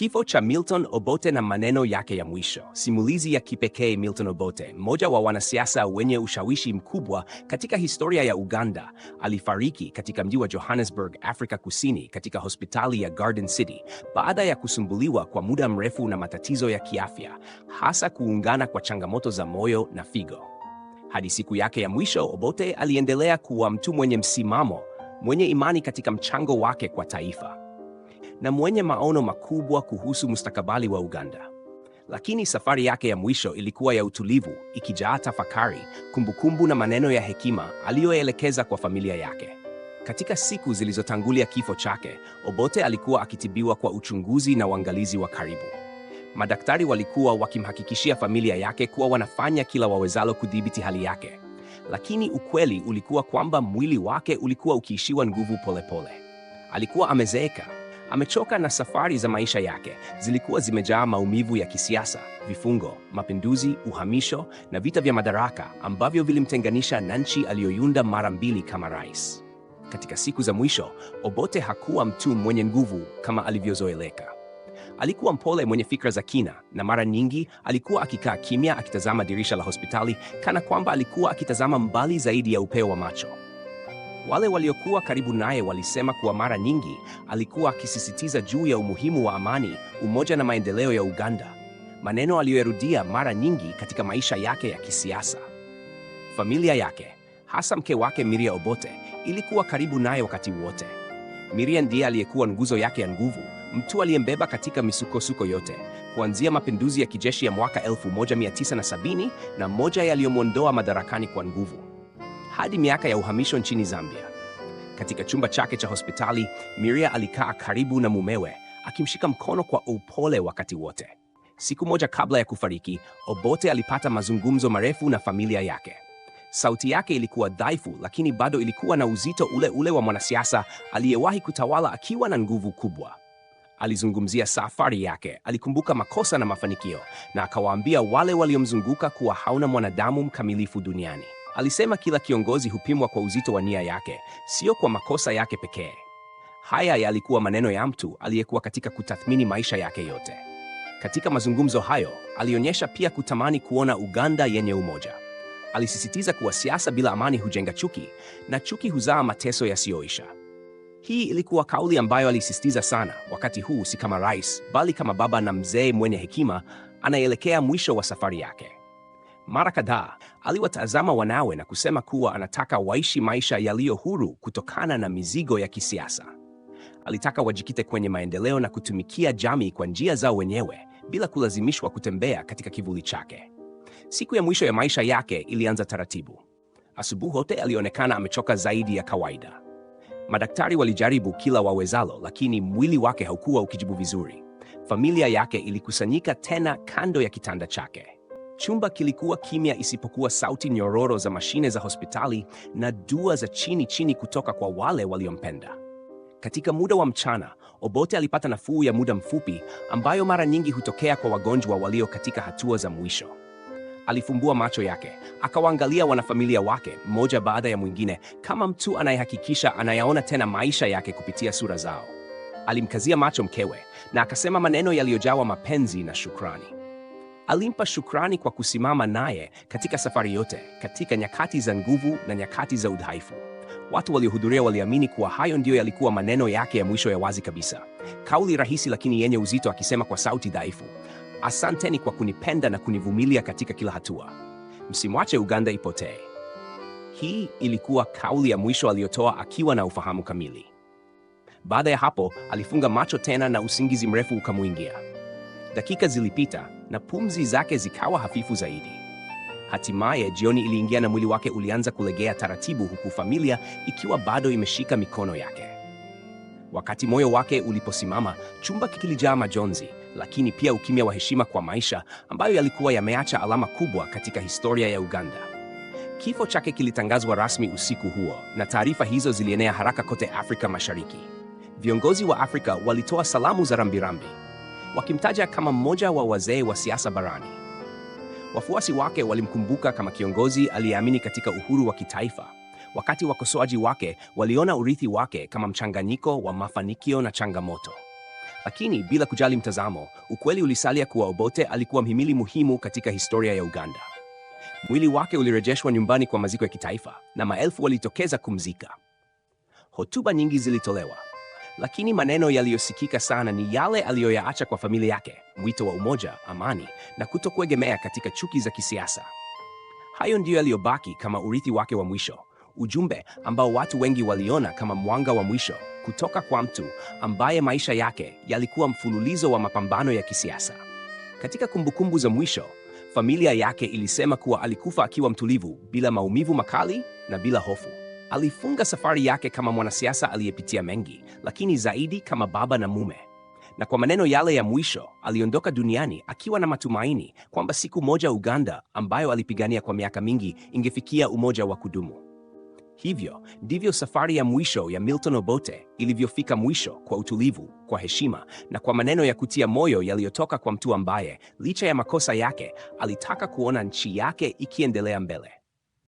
Kifo cha Milton Obote na maneno yake ya mwisho. Simulizi ya kipekee Milton Obote, mmoja wa wanasiasa wenye ushawishi mkubwa katika historia ya Uganda, alifariki katika mji wa Johannesburg, Afrika Kusini, katika hospitali ya Garden City baada ya kusumbuliwa kwa muda mrefu na matatizo ya kiafya, hasa kuungana kwa changamoto za moyo na figo. Hadi siku yake ya mwisho, Obote aliendelea kuwa mtu mwenye msimamo, mwenye imani katika mchango wake kwa taifa na mwenye maono makubwa kuhusu mustakabali wa Uganda. Lakini safari yake ya mwisho ilikuwa ya utulivu, ikijaa tafakari, kumbukumbu na maneno ya hekima aliyoelekeza kwa familia yake. Katika siku zilizotangulia kifo chake, Obote alikuwa akitibiwa kwa uchunguzi na uangalizi wa karibu. Madaktari walikuwa wakimhakikishia familia yake kuwa wanafanya kila wawezalo kudhibiti hali yake, lakini ukweli ulikuwa kwamba mwili wake ulikuwa ukiishiwa nguvu polepole. Alikuwa amezeeka Amechoka na safari za maisha yake, zilikuwa zimejaa maumivu ya kisiasa, vifungo, mapinduzi, uhamisho na vita vya madaraka ambavyo vilimtenganisha na nchi aliyoiunda mara mbili kama rais. Katika siku za mwisho, Obote hakuwa mtu mwenye nguvu kama alivyozoeleka. Alikuwa mpole, mwenye fikra za kina, na mara nyingi alikuwa akikaa kimya, akitazama dirisha la hospitali, kana kwamba alikuwa akitazama mbali zaidi ya upeo wa macho. Wale waliokuwa karibu naye walisema kuwa mara nyingi alikuwa akisisitiza juu ya umuhimu wa amani, umoja na maendeleo ya Uganda, maneno aliyoyarudia mara nyingi katika maisha yake ya kisiasa. Familia yake, hasa mke wake Miria Obote, ilikuwa karibu naye wakati wote. Miria ndiye aliyekuwa nguzo yake ya nguvu, mtu aliyembeba katika misukosuko yote, kuanzia mapinduzi ya kijeshi ya mwaka 1970 na moja yaliyomwondoa madarakani kwa nguvu hadi miaka ya uhamisho nchini Zambia. Katika chumba chake cha hospitali, miria alikaa karibu na mumewe, akimshika mkono kwa upole wakati wote. Siku moja kabla ya kufariki, Obote alipata mazungumzo marefu na familia yake. Sauti yake ilikuwa dhaifu, lakini bado ilikuwa na uzito ule ule wa mwanasiasa aliyewahi kutawala akiwa na nguvu kubwa. Alizungumzia safari yake, alikumbuka makosa na mafanikio, na akawaambia wale waliomzunguka kuwa hauna mwanadamu mkamilifu duniani. Alisema kila kiongozi hupimwa kwa uzito wa nia yake, sio kwa makosa yake pekee. Haya yalikuwa maneno ya mtu aliyekuwa katika kutathmini maisha yake yote. Katika mazungumzo hayo, alionyesha pia kutamani kuona Uganda yenye umoja. Alisisitiza kuwa siasa bila amani hujenga chuki na chuki huzaa mateso yasiyoisha. Hii ilikuwa kauli ambayo alisisitiza sana, wakati huu si kama rais, bali kama baba na mzee mwenye hekima anayeelekea mwisho wa safari yake. Mara kadhaa aliwatazama wanawe na kusema kuwa anataka waishi maisha yaliyo huru kutokana na mizigo ya kisiasa. Alitaka wajikite kwenye maendeleo na kutumikia jamii kwa njia zao wenyewe bila kulazimishwa kutembea katika kivuli chake. Siku ya mwisho ya maisha yake ilianza taratibu. Asubuhi hote alionekana amechoka zaidi ya kawaida. Madaktari walijaribu kila wawezalo, lakini mwili wake haukuwa ukijibu vizuri. Familia yake ilikusanyika tena kando ya kitanda chake. Chumba kilikuwa kimya isipokuwa sauti nyororo za mashine za hospitali na dua za chini chini kutoka kwa wale waliompenda. Katika muda wa mchana, Obote alipata nafuu ya muda mfupi ambayo mara nyingi hutokea kwa wagonjwa walio katika hatua za mwisho. Alifumbua macho yake, akawaangalia wanafamilia wake mmoja baada ya mwingine kama mtu anayehakikisha anayaona tena maisha yake kupitia sura zao. Alimkazia macho mkewe na akasema maneno yaliyojawa mapenzi na shukrani. Alimpa shukrani kwa kusimama naye katika safari yote, katika nyakati za nguvu na nyakati za udhaifu. Watu waliohudhuria waliamini kuwa hayo ndiyo yalikuwa maneno yake ya mwisho ya wazi kabisa, kauli rahisi lakini yenye uzito, akisema kwa sauti dhaifu, asanteni kwa kunipenda na kunivumilia katika kila hatua, msimwache Uganda ipotee. Hii ilikuwa kauli ya mwisho aliyotoa akiwa na ufahamu kamili. Baada ya hapo, alifunga macho tena na usingizi mrefu ukamwingia. Dakika zilipita na pumzi zake zikawa hafifu zaidi. Hatimaye jioni iliingia na mwili wake ulianza kulegea taratibu, huku familia ikiwa bado imeshika mikono yake. Wakati moyo wake uliposimama, chumba kikilijaa majonzi, lakini pia ukimya wa heshima kwa maisha ambayo yalikuwa yameacha alama kubwa katika historia ya Uganda. Kifo chake kilitangazwa rasmi usiku huo, na taarifa hizo zilienea haraka kote Afrika Mashariki. Viongozi wa Afrika walitoa salamu za rambirambi wakimtaja kama mmoja wa wazee wa siasa barani. Wafuasi wake walimkumbuka kama kiongozi aliyeamini katika uhuru wa kitaifa, wakati wakosoaji wake waliona urithi wake kama mchanganyiko wa mafanikio na changamoto. Lakini bila kujali mtazamo, ukweli ulisalia kuwa Obote alikuwa mhimili muhimu katika historia ya Uganda. Mwili wake ulirejeshwa nyumbani kwa maziko ya kitaifa na maelfu walitokeza kumzika. Hotuba nyingi zilitolewa lakini maneno yaliyosikika sana ni yale aliyoyaacha kwa familia yake: mwito wa umoja, amani na kutokuegemea katika chuki za kisiasa. Hayo ndiyo yaliyobaki kama urithi wake wa mwisho, ujumbe ambao watu wengi waliona kama mwanga wa mwisho kutoka kwa mtu ambaye maisha yake yalikuwa mfululizo wa mapambano ya kisiasa. Katika kumbukumbu za mwisho, familia yake ilisema kuwa alikufa akiwa mtulivu, bila maumivu makali na bila hofu. Alifunga safari yake kama mwanasiasa aliyepitia mengi, lakini zaidi kama baba na mume. Na kwa maneno yale ya mwisho, aliondoka duniani akiwa na matumaini kwamba siku moja Uganda ambayo alipigania kwa miaka mingi ingefikia umoja wa kudumu. Hivyo ndivyo safari ya mwisho ya Milton Obote ilivyofika mwisho kwa utulivu, kwa heshima na kwa maneno ya kutia moyo yaliyotoka kwa mtu ambaye licha ya makosa yake alitaka kuona nchi yake ikiendelea mbele.